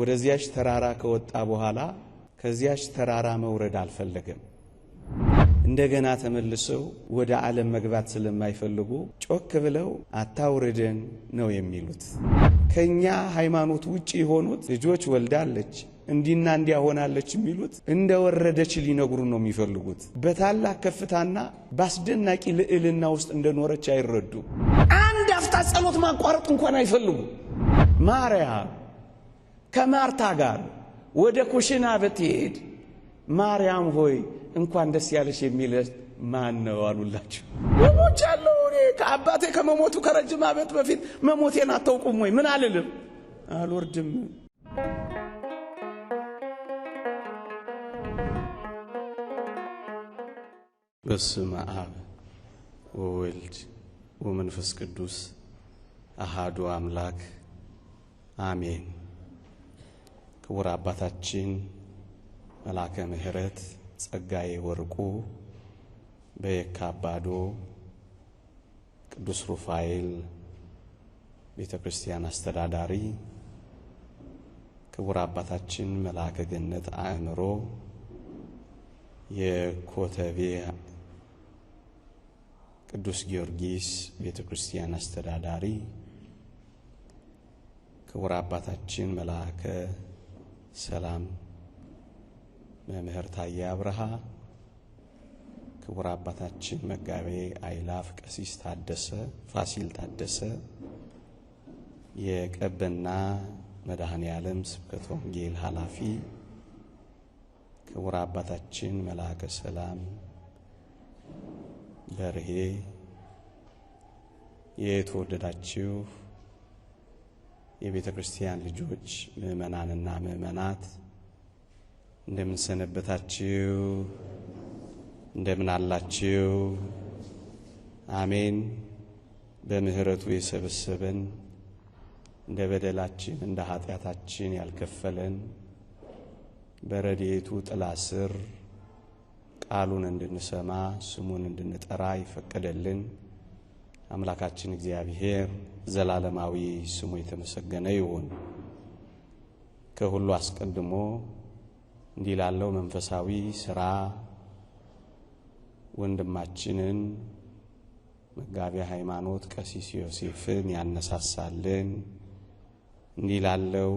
ወደዚያች ተራራ ከወጣ በኋላ ከዚያች ተራራ መውረድ አልፈለገም። እንደገና ተመልሰው ወደ ዓለም መግባት ስለማይፈልጉ ጮክ ብለው አታውርደን ነው የሚሉት። ከእኛ ሃይማኖት ውጭ የሆኑት ልጆች ወልዳለች እንዲና እንዲያ ሆናለች የሚሉት እንደ ወረደች ሊነግሩ ነው የሚፈልጉት። በታላቅ ከፍታና በአስደናቂ ልዕልና ውስጥ እንደኖረች አይረዱ። አንድ አፍታ ጸሎት ማቋረጥ እንኳን አይፈልጉ ማርያም ከማርታ ጋር ወደ ኩሽና ብትሄድ ማርያም ሆይ እንኳን ደስ ያለሽ የሚል ማን ነው አሉላችሁ። መሞች ያለው እኔ ከአባቴ ከመሞቱ ከረጅም ዓመት በፊት መሞቴን አታውቁም ወይ? ምን አልልም አልወርድም። በስመ አብ ወወልድ ወመንፈስ ቅዱስ አሃዱ አምላክ አሜን። ክቡር አባታችን መላከ ምሕረት ጸጋዬ ወርቁ በየካ አባዶ ቅዱስ ሩፋኤል ቤተ ክርስቲያን አስተዳዳሪ፣ ክቡር አባታችን መልአከ ገነት አእምሮ የኮተቤ ቅዱስ ጊዮርጊስ ቤተ ክርስቲያን አስተዳዳሪ፣ ክቡር አባታችን መልአከ ሰላም መምህር ታዬ አብርሃ፣ ክቡር አባታችን መጋቤ አይላፍ ቀሲስ ታደሰ ፋሲል ታደሰ፣ የቀበና መድኃኔ ዓለም ስብከተ ወንጌል ኃላፊ ክቡር አባታችን መልአከ ሰላም በርሄ የተወደዳችሁ የቤተ ክርስቲያን ልጆች ምእመናንና ምእመናት እንደምን ሰነበታችሁ? እንደምን አላችሁ? አሜን። በምህረቱ የሰበሰበን እንደ በደላችን እንደ ኃጢአታችን ያልከፈለን በረድኤቱ ጥላ ስር ቃሉን እንድንሰማ ስሙን እንድንጠራ ይፈቀደልን አምላካችን እግዚአብሔር ዘላለማዊ ስሙ የተመሰገነ ይሁን። ከሁሉ አስቀድሞ እንዲህ ላለው መንፈሳዊ ስራ ወንድማችንን መጋቢ ሃይማኖት ቀሲስ ዮሴፍን ያነሳሳልን። እንዲህ ላለው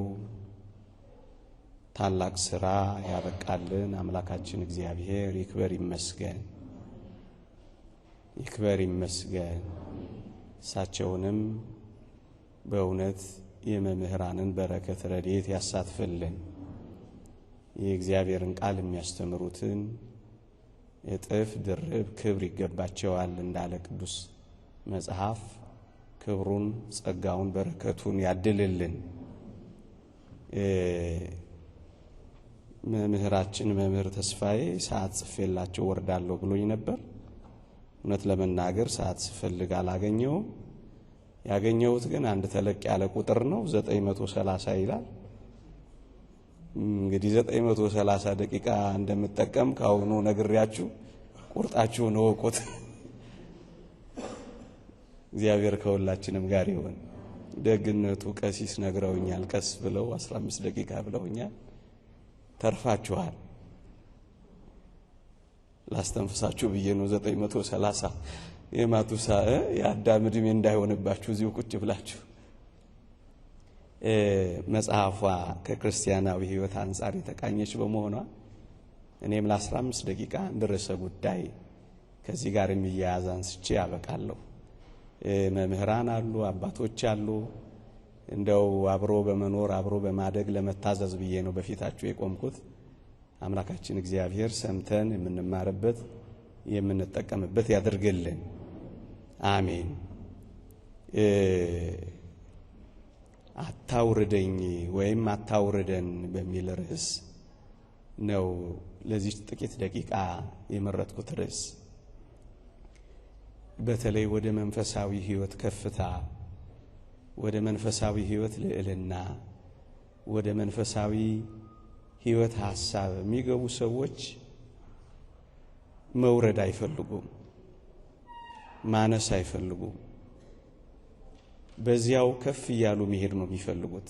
ታላቅ ስራ ያበቃልን አምላካችን እግዚአብሔር ይክበር ይመስገን፣ ይክበር ይመስገን። እሳቸውንም በእውነት የመምህራንን በረከት ረድኤት ያሳትፍልን። የእግዚአብሔርን ቃል የሚያስተምሩትን እጥፍ ድርብ ክብር ይገባቸዋል እንዳለ ቅዱስ መጽሐፍ ክብሩን፣ ጸጋውን፣ በረከቱን ያድልልን። መምህራችን መምህር ተስፋዬ ሰዓት ጽፌላቸው ወርዳለሁ ብሎኝ ነበር። እውነት ለመናገር ሰዓት ስፈልግ አላገኘውም። ያገኘሁት ግን አንድ ተለቅ ያለ ቁጥር ነው፣ 930 ይላል። እንግዲህ 930 ደቂቃ እንደምጠቀም ከአሁኑ ነግሬያችሁ ቁርጣችሁን እወቁት። እግዚአብሔር ከሁላችንም ጋር ይሆን። ደግነቱ ቀሲስ ነግረውኛል። ቀስ ብለው 15 ደቂቃ ብለውኛል። ተርፋችኋል። ላስተንፍሳችሁ ብዬ ነው። 930 የማቱሳ የአዳም ዕድሜ እንዳይሆንባችሁ እዚሁ ቁጭ ብላችሁ መጽሐፏ ከክርስቲያናዊ ህይወት አንጻር የተቃኘች በመሆኗ እኔም ለ15 ደቂቃ አንድ ርዕሰ ጉዳይ ከዚህ ጋር የሚያያዝ አንስቼ ያበቃለሁ። መምህራን አሉ፣ አባቶች አሉ። እንደው አብሮ በመኖር አብሮ በማደግ ለመታዘዝ ብዬ ነው በፊታችሁ የቆምኩት። አምላካችን እግዚአብሔር ሰምተን የምንማርበት የምንጠቀምበት ያደርግልን። አሜን። አታውርደኝ ወይም አታውርደን በሚል ርዕስ ነው ለዚህ ጥቂት ደቂቃ የመረጥኩት ርዕስ። በተለይ ወደ መንፈሳዊ ሕይወት ከፍታ፣ ወደ መንፈሳዊ ሕይወት ልዕልና፣ ወደ መንፈሳዊ ህይወት ሀሳብ የሚገቡ ሰዎች መውረድ አይፈልጉም፣ ማነስ አይፈልጉም። በዚያው ከፍ እያሉ መሄድ ነው የሚፈልጉት።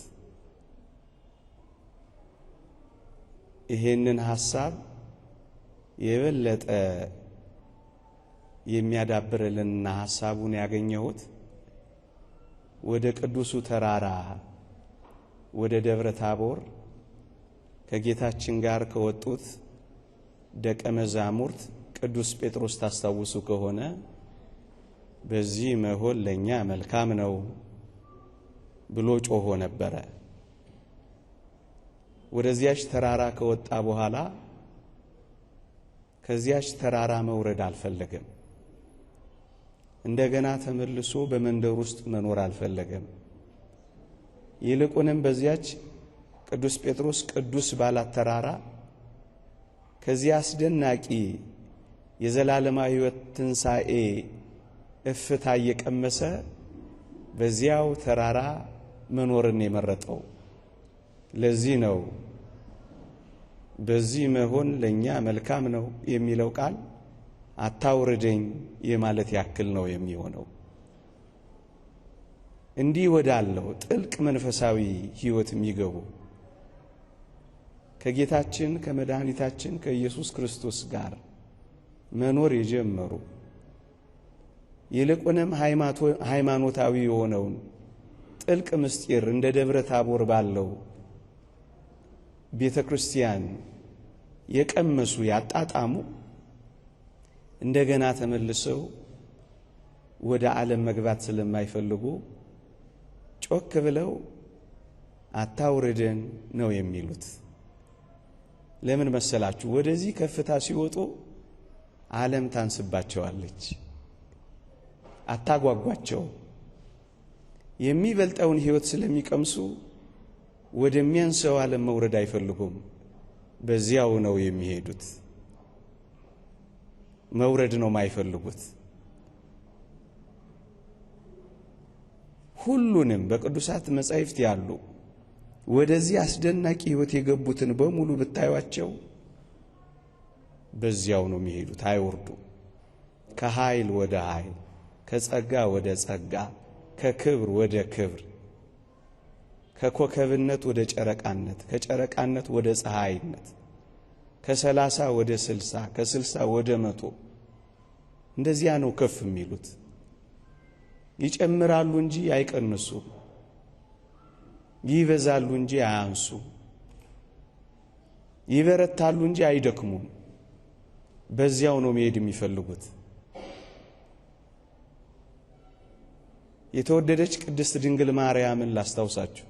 ይሄንን ሀሳብ የበለጠ የሚያዳብርልንና ሀሳቡን ያገኘሁት ወደ ቅዱሱ ተራራ ወደ ደብረ ታቦር ከጌታችን ጋር ከወጡት ደቀ መዛሙርት ቅዱስ ጴጥሮስ ታስታውሱ ከሆነ በዚህ መሆን ለእኛ መልካም ነው ብሎ ጮሆ ነበረ። ወደዚያች ተራራ ከወጣ በኋላ ከዚያች ተራራ መውረድ አልፈለገም። እንደገና ተመልሶ በመንደር ውስጥ መኖር አልፈለገም። ይልቁንም በዚያች ቅዱስ ጴጥሮስ ቅዱስ ባላት ተራራ ከዚህ አስደናቂ የዘላለማዊ ሕይወት ትንሣኤ እፍታ እየቀመሰ በዚያው ተራራ መኖርን የመረጠው። ለዚህ ነው በዚህ መሆን ለእኛ መልካም ነው የሚለው ቃል አታውርደኝ የማለት ያክል ነው የሚሆነው። እንዲህ ወዳለው ጥልቅ መንፈሳዊ ሕይወት የሚገቡ ከጌታችን ከመድኃኒታችን ከኢየሱስ ክርስቶስ ጋር መኖር የጀመሩ ይልቁንም ሃይማኖታዊ የሆነውን ጥልቅ ምስጢር እንደ ደብረ ታቦር ባለው ቤተ ክርስቲያን የቀመሱ ያጣጣሙ እንደገና ተመልሰው ወደ ዓለም መግባት ስለማይፈልጉ ጮክ ብለው አታውርደን ነው የሚሉት። ለምን መሰላችሁ? ወደዚህ ከፍታ ሲወጡ ዓለም ታንስባቸዋለች፣ አታጓጓቸው። የሚበልጠውን ሕይወት ስለሚቀምሱ ወደሚያንሰው ዓለም መውረድ አይፈልጉም። በዚያው ነው የሚሄዱት። መውረድ ነው ማይፈልጉት። ሁሉንም በቅዱሳት መጻሕፍት ያሉ ወደዚህ አስደናቂ ህይወት የገቡትን በሙሉ ብታዩቸው በዚያው ነው የሚሄዱት፣ አይወርዱ። ከኃይል ወደ ኃይል፣ ከጸጋ ወደ ጸጋ፣ ከክብር ወደ ክብር፣ ከኮከብነት ወደ ጨረቃነት፣ ከጨረቃነት ወደ ፀሐይነት፣ ከሰላሳ ወደ ስልሳ፣ ከስልሳ ወደ መቶ። እንደዚያ ነው ከፍ የሚሉት። ይጨምራሉ እንጂ አይቀንሱም። ይበዛሉ እንጂ አያንሱ፣ ይበረታሉ እንጂ አይደክሙም። በዚያው ነው መሄድ የሚፈልጉት። የተወደደች ቅድስት ድንግል ማርያምን ላስታውሳችሁ።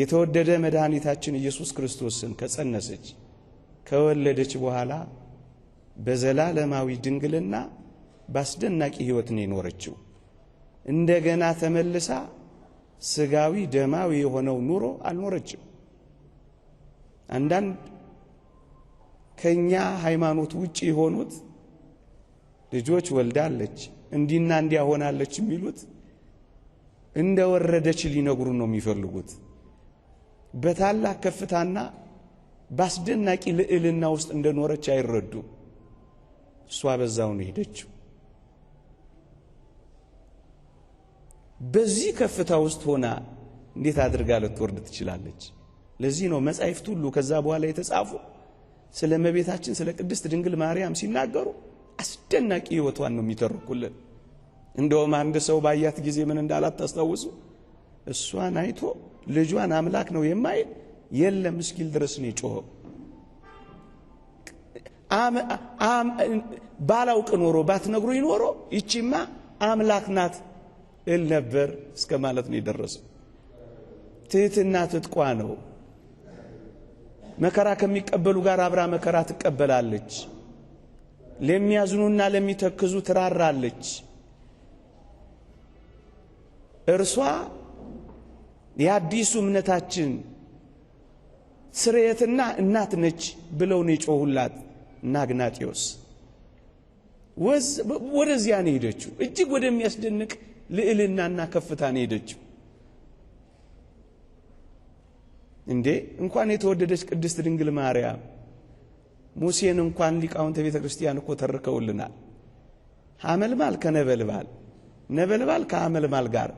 የተወደደ መድኃኒታችን ኢየሱስ ክርስቶስን ከጸነሰች ከወለደች በኋላ በዘላለማዊ ድንግልና በአስደናቂ ሕይወት ነው የኖረችው። እንደገና ተመልሳ ስጋዊ ደማዊ የሆነው ኑሮ አልኖረችም። አንዳንድ ከኛ ሃይማኖት ውጭ የሆኑት ልጆች ወልዳለች እንዲና እንዲያ ሆናለች የሚሉት እንደ ወረደች ሊነግሩን ነው የሚፈልጉት። በታላቅ ከፍታና በአስደናቂ ልዕልና ውስጥ እንደኖረች አይረዱም። እሷ በዛው ነው ሄደችው። በዚህ ከፍታ ውስጥ ሆና እንዴት አድርጋ ልትወርድ ትችላለች? ለዚህ ነው መጻሕፍት ሁሉ ከዛ በኋላ የተጻፉ ስለ እመቤታችን ስለ ቅድስት ድንግል ማርያም ሲናገሩ አስደናቂ ሕይወቷን ነው የሚተርኩልን። እንደውም አንድ ሰው ባያት ጊዜ ምን እንዳላት ታስታውሱ? እሷን አይቶ ልጇን አምላክ ነው የማይል የለም እስኪል ድረስ ነው የጮኸው። ባላውቅ ኖሮ ባትነግሩ ይኖሮ ይቺማ አምላክ ናት እል ነበር እስከ ማለት ነው የደረሰው። ትህትና ትጥቋ ነው። መከራ ከሚቀበሉ ጋር አብራ መከራ ትቀበላለች። ለሚያዝኑና ለሚተክዙ ትራራለች። እርሷ የአዲሱ እምነታችን ስርየትና እናት ነች ብለው ነው የጮሁላት እና አግናጢዮስ ወደዚያ ነው ሄደችው እጅግ ወደሚያስደንቅ ልዕልናና ከፍታን ሄደችው። እንዴ እንኳን የተወደደች ቅድስት ድንግል ማርያም ሙሴን እንኳን ሊቃውንተ ቤተ ክርስቲያን እኮ ተርከውልናል። ሐመልማል ከነበልባል ነበልባል ከሐመልማል ጋር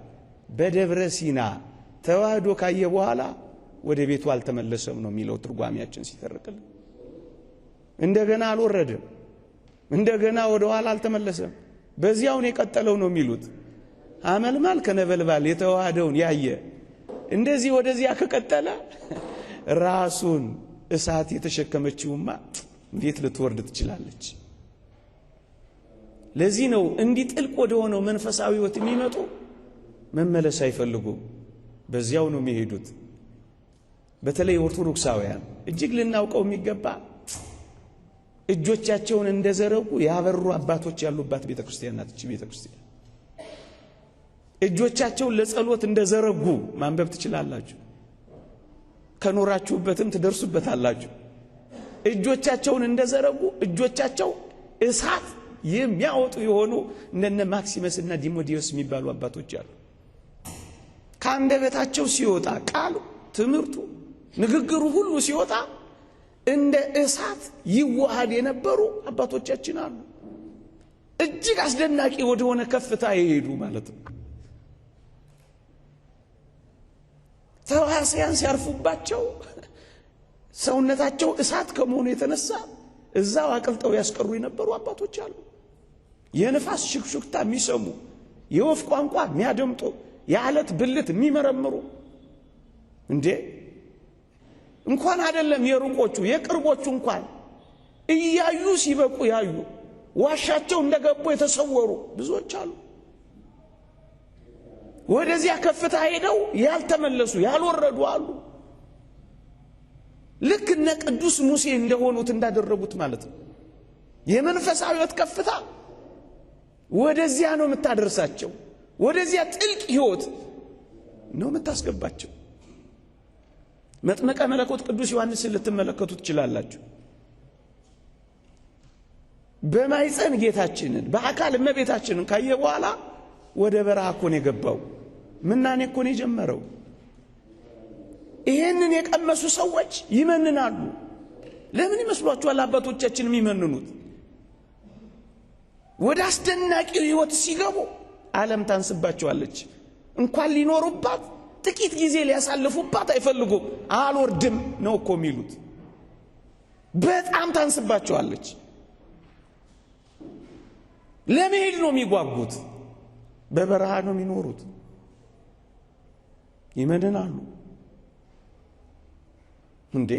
በደብረ ሲና ተዋህዶ ካየ በኋላ ወደ ቤቱ አልተመለሰም ነው የሚለው ትርጓሚያችን ሲተርቅል። እንደገና አልወረደም፣ እንደገና ወደ ኋላ አልተመለሰም፣ በዚያውን የቀጠለው ነው የሚሉት አመልማል ከነበልባል የተዋሃደውን ያየ እንደዚህ ወደዚያ ከቀጠለ ራሱን እሳት የተሸከመችውማ እንዴት ልትወርድ ትችላለች? ለዚህ ነው እንዲህ ጥልቅ ወደ ሆነው መንፈሳዊ ወት የሚመጡ መመለስ አይፈልጉም። በዚያው ነው የሚሄዱት። በተለይ ኦርቶዶክሳውያን እጅግ ልናውቀው የሚገባ እጆቻቸውን እንደዘረጉ ያበሩ አባቶች ያሉባት ቤተ ክርስቲያን ናት። ቤተ ክርስቲያን እጆቻቸውን ለጸሎት እንደዘረጉ ማንበብ ትችላላችሁ። ከኖራችሁበትም ትደርሱበታላችሁ። እጆቻቸውን እንደዘረጉ እጆቻቸው እሳት የሚያወጡ የሆኑ እነነ እና ዲሞዲዮስ የሚባሉ አባቶች አሉ። ከአንደበታቸው ሲወጣ ቃሉ፣ ትምህርቱ፣ ንግግሩ ሁሉ ሲወጣ እንደ እሳት ይዋሃድ የነበሩ አባቶቻችን አሉ። እጅግ አስደናቂ ወደሆነ ከፍታ የሄዱ ማለት ነው። ተዋሲያን ሲያርፉባቸው ሰውነታቸው እሳት ከመሆኑ የተነሳ እዛው አቅልጠው ያስቀሩ የነበሩ አባቶች አሉ። የንፋስ ሽክሹክታ የሚሰሙ የወፍ ቋንቋ የሚያደምጡ የዓለት ብልት የሚመረምሩ እንዴ እንኳን አይደለም የሩቆቹ የቅርቦቹ እንኳን እያዩ ሲበቁ ያዩ ዋሻቸው እንደገቡ የተሰወሩ ብዙዎች አሉ። ወደዚያ ከፍታ ሄደው ያልተመለሱ ያልወረዱ አሉ። ልክ እነ ቅዱስ ሙሴ እንደሆኑት እንዳደረጉት ማለት ነው። የመንፈሳዊ ሕይወት ከፍታ ወደዚያ ነው የምታደርሳቸው። ወደዚያ ጥልቅ ሕይወት ነው የምታስገባቸው። መጥመቀ መለኮት ቅዱስ ዮሐንስን ልትመለከቱ ትችላላችሁ። በማይፀን ጌታችንን በአካል እመቤታችንን ካየ በኋላ ወደ በረሃ እኮ ነው የገባው። ምናኔ እኮ ነው የጀመረው። ይሄንን የቀመሱ ሰዎች ይመንናሉ። ለምን ይመስሏችኋል አባቶቻችን የሚመንኑት? ወደ አስደናቂው ህይወት ሲገቡ ዓለም ታንስባቸዋለች። እንኳን ሊኖሩባት ጥቂት ጊዜ ሊያሳልፉባት አይፈልጉም። አልወርድም ነው እኮ የሚሉት። በጣም ታንስባቸዋለች። ለመሄድ ነው የሚጓጉት። በበረሃ ነው የሚኖሩት። ይመድናሉ። እንዴ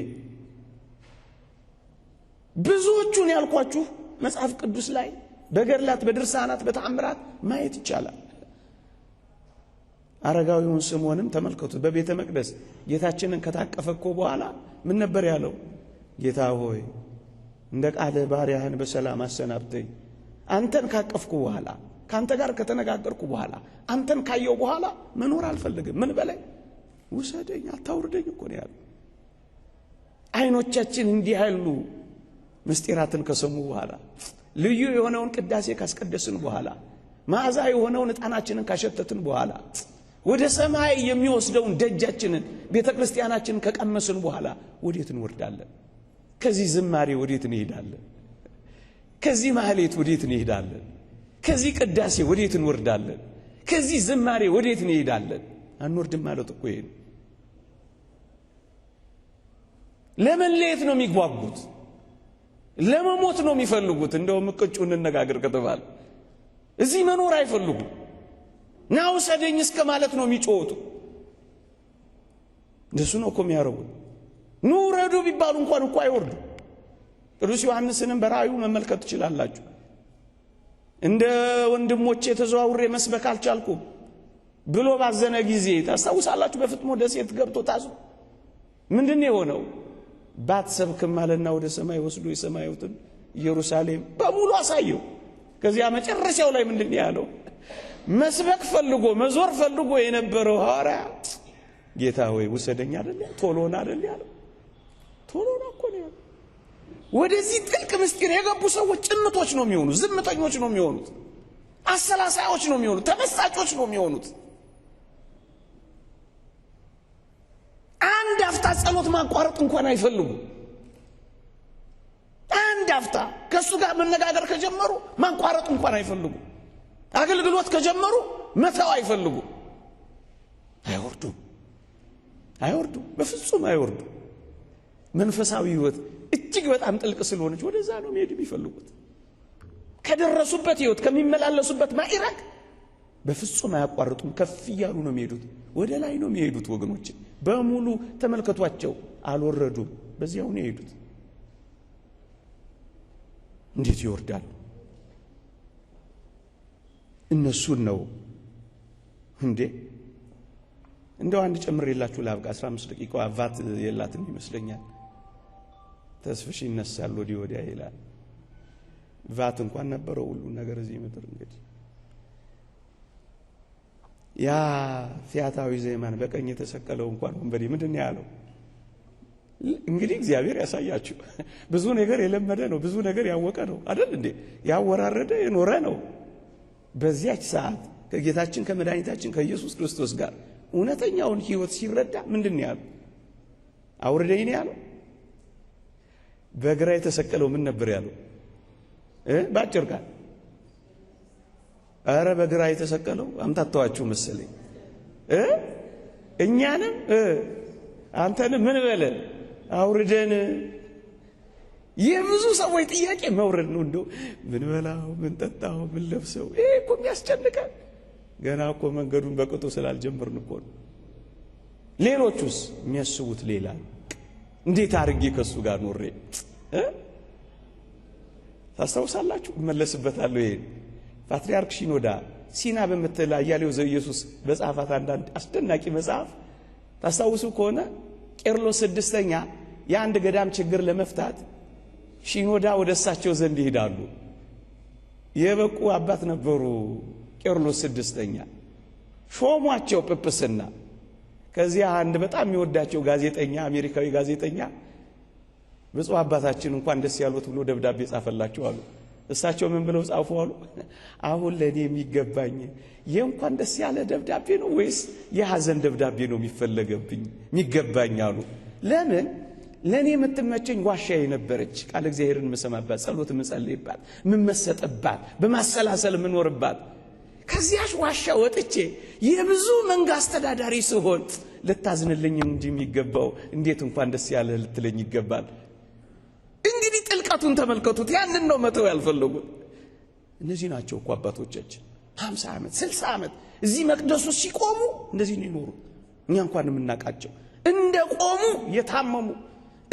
ብዙዎቹን ያልኳችሁ መጽሐፍ ቅዱስ ላይ በገድላት በድርሳናት በተአምራት ማየት ይቻላል። አረጋዊውን ስምሆንም ተመልከቱት። በቤተ መቅደስ ጌታችንን ከታቀፈኮ በኋላ ምን ነበር ያለው? ጌታ ሆይ እንደ ቃለ ባሪያህን በሰላም አሰናብተኝ። አንተን ካቀፍኩ በኋላ ከአንተ ጋር ከተነጋገርኩ በኋላ አንተን ካየው በኋላ መኖር አልፈልግም። ምን በላይ ውሰደኝ፣ አታውርደኝ እኮ ነው ያሉ። አይኖቻችን እንዲህ ያሉ ምስጢራትን ከሰሙ በኋላ ልዩ የሆነውን ቅዳሴ ካስቀደስን በኋላ መዓዛ የሆነውን ዕጣናችንን ካሸተትን በኋላ ወደ ሰማይ የሚወስደውን ደጃችንን ቤተ ክርስቲያናችንን ከቀመስን በኋላ ወዴት እንወርዳለን? ከዚህ ዝማሬ ወዴት እንሄዳለን? ከዚህ ማህሌት ወዴት እንሄዳለን? ከዚህ ቅዳሴ ወዴት እንወርዳለን? ከዚህ ዝማሬ ወዴት እንሄዳለን? አንወርድም ማለት እኮ ይሄ ለምን ለመለየት ነው የሚጓጉት፣ ለመሞት ነው የሚፈልጉት። እንደውም እቅጩ እንነጋገር ከተባለ እዚህ መኖር አይፈልጉም። ና ውሰደኝ እስከ ማለት ነው የሚጮወቱ። እንደሱ ነው እኮ የሚያረጉት ኑረዱ ቢባሉ እንኳን እኮ አይወርዱ። ቅዱስ ዮሐንስንም በራእዩ መመልከት ትችላላችሁ። እንደ ወንድሞች ተዘዋውሬ መስበክ አልቻልኩም ብሎ ባዘነ ጊዜ ታስታውሳላችሁ። በፍጥሞ ደሴት ገብቶ ታዞ ምንድን የሆነው? ባትሰብክም አለና ወደ ሰማይ ወስዶ የሰማዩትን ኢየሩሳሌም በሙሉ አሳየው። ከዚያ መጨረሻው ላይ ምንድን ያለው? መስበክ ፈልጎ መዞር ፈልጎ የነበረው ሐዋርያ ጌታ ሆይ ውሰደኝ አደል ቶሎና አደል ያለው ቶሎና እኮ ነው ያለው ወደዚህ ጥልቅ ምስጢር የገቡ ሰዎች ጭምቶች ነው የሚሆኑት፣ ዝምተኞች ነው የሚሆኑት፣ አሰላሳዮች ነው የሚሆኑት፣ ተመሳጮች ነው የሚሆኑት። አንድ አፍታ ጸሎት ማቋረጥ እንኳን አይፈልጉ አንድ አፍታ ከእሱ ጋር መነጋገር ከጀመሩ ማቋረጥ እንኳን አይፈልጉ። አገልግሎት ከጀመሩ መተው አይፈልጉ። አይወርዱም አይወርዱም፣ በፍጹም አይወርዱም። መንፈሳዊ ህይወት እጅግ በጣም ጥልቅ ስለሆነች ወደዛ ነው መሄድ የሚፈልጉት። ከደረሱበት ህይወት ከሚመላለሱበት ማዕረግ በፍጹም አያቋርጡም። ከፍ እያሉ ነው የሚሄዱት፣ ወደ ላይ ነው የሚሄዱት። ወገኖች በሙሉ ተመልከቷቸው፣ አልወረዱም፣ በዚያው ነው የሄዱት። እንዴት ይወርዳል? እነሱን ነው እንዴ እንደው አንድ ጨምር የላችሁ ለአብቃ 15 ደቂቃ አባት የላትም ይመስለኛል። ተስፍሽ ይነሳል ወዲህ ወዲያ ይላል። ቫት እንኳን ነበረው ሁሉ ነገር እዚህ ምድር እንግዲህ ያ ፊያታዊ ዘይማን በቀኝ የተሰቀለው እንኳን ወንበዴ ምንድን ነው ያለው? እንግዲህ እግዚአብሔር ያሳያችሁ። ብዙ ነገር የለመደ ነው፣ ብዙ ነገር ያወቀ ነው አይደል እንዴ? ያወራረደ የኖረ ነው። በዚያች ሰዓት ከጌታችን ከመድኃኒታችን ከኢየሱስ ክርስቶስ ጋር እውነተኛውን ሕይወት ሲረዳ ምንድን ያለው? አውርደኝ ነው ያለው በግራ የተሰቀለው ምን ነበር ያለው? በአጭር ቃል አረ በግራ የተሰቀለው አምታተዋችሁ መሰለኝ። እኛንም አንተንም ምን በለን አውርደን። ይህ ብዙ ሰዎች ጥያቄ መውረድ ነው። እንደው ምን በላው፣ ምን ጠጣው፣ ምን ለብሰው፣ ይህ እኮ የሚያስጨንቀን ገና እኮ መንገዱን በቅጡ ስላልጀምርን እኮ ነው። ሌሎቹስ የሚያስቡት ሌላ ነው። እንዴት አድርጌ ከእሱ ጋር ኖሬ ታስታውሳላችሁ? እመለስበታለሁ። ይሄ ፓትርያርክ ሺኖዳ ሲና በምትል አያሌው ዘኢየሱስ በጻፋት አንዳንድ አስደናቂ መጽሐፍ ታስታውሱ ከሆነ ቄርሎስ ስድስተኛ የአንድ ገዳም ችግር ለመፍታት ሺኖዳ ወደ እሳቸው ዘንድ ይሄዳሉ። የበቁ አባት ነበሩ። ቄርሎስ ስድስተኛ ሾሟቸው ጵጵስና ከዚያ አንድ በጣም የሚወዳቸው ጋዜጠኛ አሜሪካዊ ጋዜጠኛ ብፁዕ አባታችን እንኳን ደስ ያሉት ብሎ ደብዳቤ ጻፈላቸው አሉ። እሳቸው ምን ብለው ጻፉ አሉ? አሁን ለእኔ የሚገባኝ ይህ እንኳን ደስ ያለ ደብዳቤ ነው ወይስ የሐዘን ደብዳቤ ነው የሚፈለገብኝ የሚገባኝ አሉ። ለምን ለእኔ የምትመቸኝ ዋሻ የነበረች ቃል እግዚአብሔርን የምሰማባት፣ ጸሎት የምጸልይባት፣ የምመሰጥባት፣ በማሰላሰል የምኖርባት ከዚያች ዋሻ ወጥቼ የብዙ መንጋ አስተዳዳሪ ስሆን ልታዝንልኝ እንጂ የሚገባው እንዴት እንኳን ደስ ያለህ ልትለኝ ይገባል። እንግዲህ ጥልቀቱን ተመልከቱት። ያንን ነው መተው ያልፈለጉት። እነዚህ ናቸው እኮ አባቶቻችን ሀምሳ ዓመት ስልሳ ዓመት እዚህ መቅደሱ ሲቆሙ እንደዚህ ነው ይኖሩ። እኛ እንኳን የምናቃቸው እንደ ቆሙ የታመሙ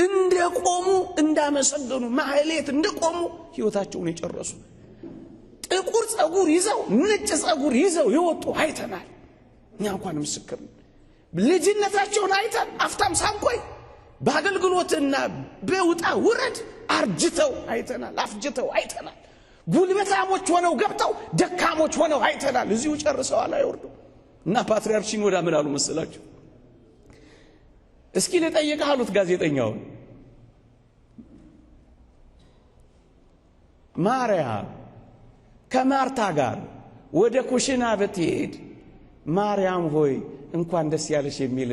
እንደ ቆሙ እንዳመሰገኑ ማህሌት እንደ ቆሙ ህይወታቸውን የጨረሱ ጥቁር ጸጉር ይዘው ነጭ ጸጉር ይዘው የወጡ አይተናል። እኛ እንኳን ምስክር ነው። ልጅነታቸውን አይተን አፍታም ሳንቆይ በአገልግሎትና በውጣ ውረድ አርጅተው አይተናል፣ አፍጅተው አይተናል። ጉልበታሞች ሆነው ገብተው ደካሞች ሆነው አይተናል። እዚሁ ጨርሰዋል፣ አይወርዱ እና ፓትርያርክ ሽኖዳ ምን አሉ መሰላችሁ? እስኪ ልጠይቅህ አሉት ጋዜጠኛውን ማርያም ከማርታ ጋር ወደ ኩሽና ብትሄድ ማርያም ሆይ እንኳን ደስ ያለሽ የሚል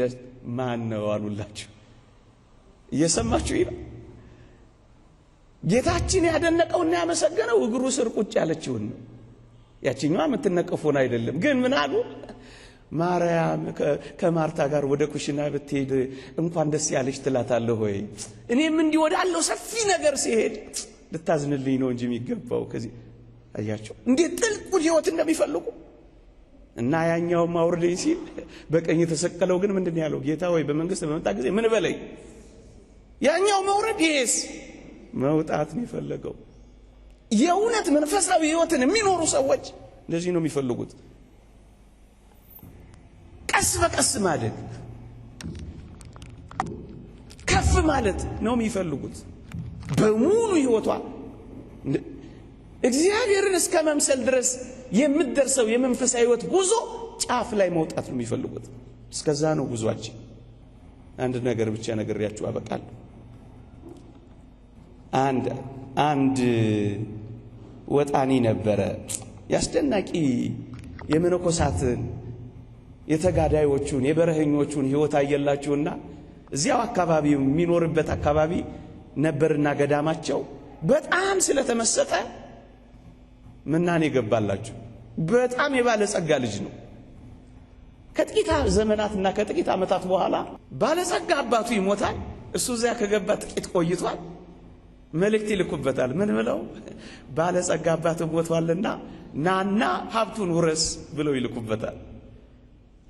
ማን ነው አሉላችሁ። እየሰማችሁ ይላል ጌታችን ያደነቀውና ያመሰገነው እግሩ ስር ቁጭ ያለችውን ነው። ያችኛዋ የምትነቀፉን አይደለም። ግን ምን አሉ? ማርያም ከማርታ ጋር ወደ ኩሽና ብትሄድ እንኳን ደስ ያለች ትላታለሁ ወይ? እኔም እንዲህ ወዳለው ሰፊ ነገር ሲሄድ ልታዝንልኝ ነው እንጂ የሚገባው። ከዚህ አያቸው እንዴት ጥልቁን ህይወት እንደሚፈልጉ እና ያኛው አውርደኝ ሲል በቀኝ የተሰቀለው ግን ምንድን ያለው ጌታ ወይ በመንግስት በመጣ ጊዜ ምን በለኝ። ያኛው መውረድ ይሄስ መውጣት ነው የፈለገው። የእውነት መንፈሳዊ ህይወትን የሚኖሩ ሰዎች እንደዚህ ነው የሚፈልጉት። ቀስ በቀስ ማደግ፣ ከፍ ማለት ነው የሚፈልጉት። በሙሉ ህይወቷ እግዚአብሔርን እስከ መምሰል ድረስ የምትደርሰው የመንፈሳዊ ህይወት ጉዞ ጫፍ ላይ መውጣት ነው የሚፈልጉት። እስከዛ ነው ጉዟችን። አንድ ነገር ብቻ ነግሬያችሁ አበቃል። አንድ አንድ ወጣኒ ነበረ ያስደናቂ የመነኮሳትን የተጋዳዮቹን የበረሀኞቹን ህይወት አየላችሁና እዚያው አካባቢ የሚኖርበት አካባቢ ነበርና ገዳማቸው በጣም ስለተመሰጠ ምናኔ ገባላችሁ። በጣም የባለጸጋ ልጅ ነው። ከጥቂት ዘመናትና ከጥቂት ዓመታት በኋላ ባለጸጋ አባቱ ይሞታል። እሱ እዚያ ከገባ ጥቂት ቆይቷል። መልእክት ይልኩበታል። ምን ብለው? ባለጸጋ አባት ሞቷልና ናና ሀብቱን ውረስ ብለው ይልኩበታል።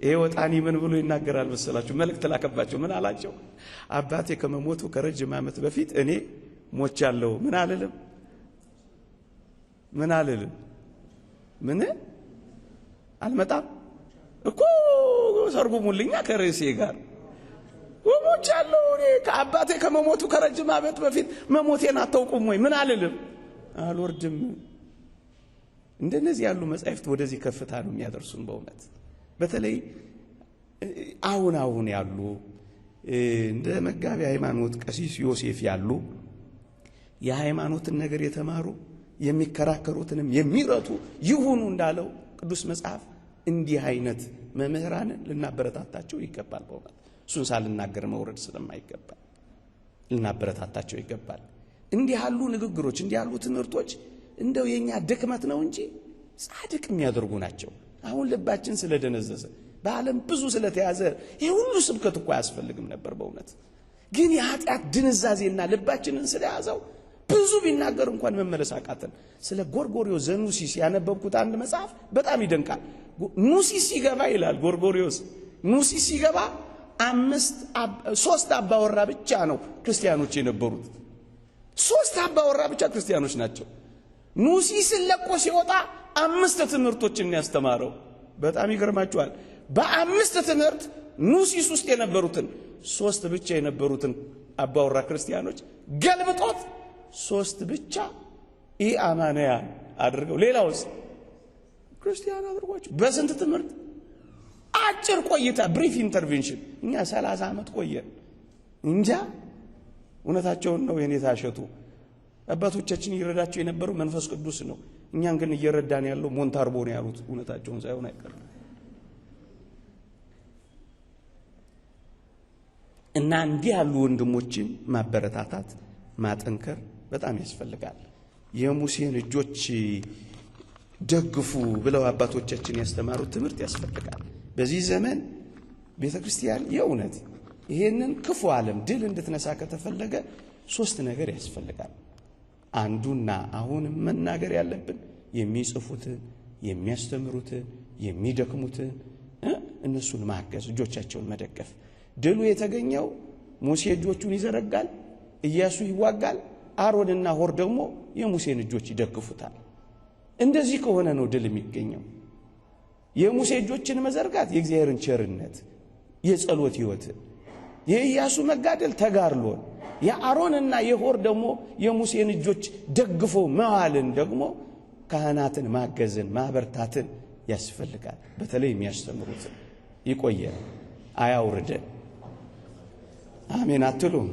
ይሄ ወጣኒ ምን ብሎ ይናገራል መሰላችሁ? መልእክት ላከባቸው። ምን አላቸው? አባቴ ከመሞቱ ከረጅም ዓመት በፊት እኔ ሞቻለሁ። ምን አልልም ምን አልልም። ምን አልመጣም እኮ ሰርጉ ሙልኛ ከርዕሴ ጋር ወሞች ያለው እኔ ከአባቴ ከመሞቱ ከረጅም አበት በፊት መሞቴን አታውቁም ወይ? ምን አልልም፣ አልወርድም። እንደነዚህ ያሉ መጻሕፍት ወደዚህ ከፍታ ነው የሚያደርሱን። በእውነት በተለይ አሁን አሁን ያሉ እንደ መጋቢ ሃይማኖት ቀሲስ ዮሴፍ ያሉ የሃይማኖትን ነገር የተማሩ የሚከራከሩትንም የሚረቱ ይሁኑ እንዳለው ቅዱስ መጽሐፍ እንዲህ አይነት መምህራንን ልናበረታታቸው ይገባል። በእውነት እሱን ሳልናገር መውረድ ስለማይገባ ልናበረታታቸው ይገባል። እንዲህ ያሉ ንግግሮች፣ እንዲህ ያሉ ትምህርቶች እንደው የእኛ ድክመት ነው እንጂ ጻድቅ የሚያደርጉ ናቸው። አሁን ልባችን ስለደነዘዘ በዓለም ብዙ ስለተያዘ ይህ ሁሉ ስብከት እኳ አያስፈልግም ነበር። በእውነት ግን የኃጢአት ድንዛዜና ልባችንን ስለያዘው ብዙ ቢናገር እንኳን መመለስ አቃተን። ስለ ጎርጎሪዮስ ዘኑሲስ ያነበብኩት አንድ መጽሐፍ በጣም ይደንቃል። ኑሲስ ሲገባ ይላል ጎርጎሪዮስ ኑሲስ ሲገባ አምስት ሶስት አባወራ ብቻ ነው ክርስቲያኖች የነበሩት። ሶስት አባወራ ብቻ ክርስቲያኖች ናቸው። ኑሲስን ለቆ ሲወጣ አምስት ትምህርቶችን ያስተማረው በጣም ይገርማችኋል። በአምስት ትምህርት ኑሲስ ውስጥ የነበሩትን ሶስት ብቻ የነበሩትን አባወራ ክርስቲያኖች ገልብጦት ሶስት ብቻ ኢአማንያ አድርገው ሌላውስ ክርስቲያን አድርጓቸው። በስንት ትምህርት አጭር ቆይታ ብሪፍ ኢንተርቬንሽን። እኛ 30 ዓመት ቆየን። እንጃ እውነታቸውን ነው የኔ ታሸቱ አባቶቻችን እየረዳቸው የነበሩ መንፈስ ቅዱስ ነው። እኛን ግን እየረዳን ያለው ሞንታርቦ ነው ያሉት። እውነታቸውን ሳይሆን አይቀርም። እና እንዲህ ያሉ ወንድሞችን ማበረታታት ማጠንከር በጣም ያስፈልጋል። የሙሴን እጆች ደግፉ ብለው አባቶቻችን ያስተማሩት ትምህርት ያስፈልጋል። በዚህ ዘመን ቤተ ክርስቲያን የእውነት ይሄንን ክፉ ዓለም ድል እንድትነሳ ከተፈለገ ሶስት ነገር ያስፈልጋል። አንዱና አሁንም መናገር ያለብን የሚጽፉትን፣ የሚያስተምሩትን፣ የሚደክሙትን እነሱን ማገዝ፣ እጆቻቸውን መደገፍ። ድሉ የተገኘው ሙሴ እጆቹን ይዘረጋል፣ እያሱ ይዋጋል፣ አሮንና ሆር ደግሞ የሙሴን እጆች ይደግፉታል። እንደዚህ ከሆነ ነው ድል የሚገኘው። የሙሴ እጆችን መዘርጋት የእግዚአብሔርን ቸርነት፣ የጸሎት ሕይወትን፣ የኢያሱ መጋደል ተጋድሎን፣ የአሮንና የሆር ደግሞ የሙሴን እጆች ደግፎ መዋልን ደግሞ ካህናትን ማገዝን ማበርታትን ያስፈልጋል። በተለይ የሚያስተምሩትን ይቆየን፣ አያውርደን። አሜን አትሉም?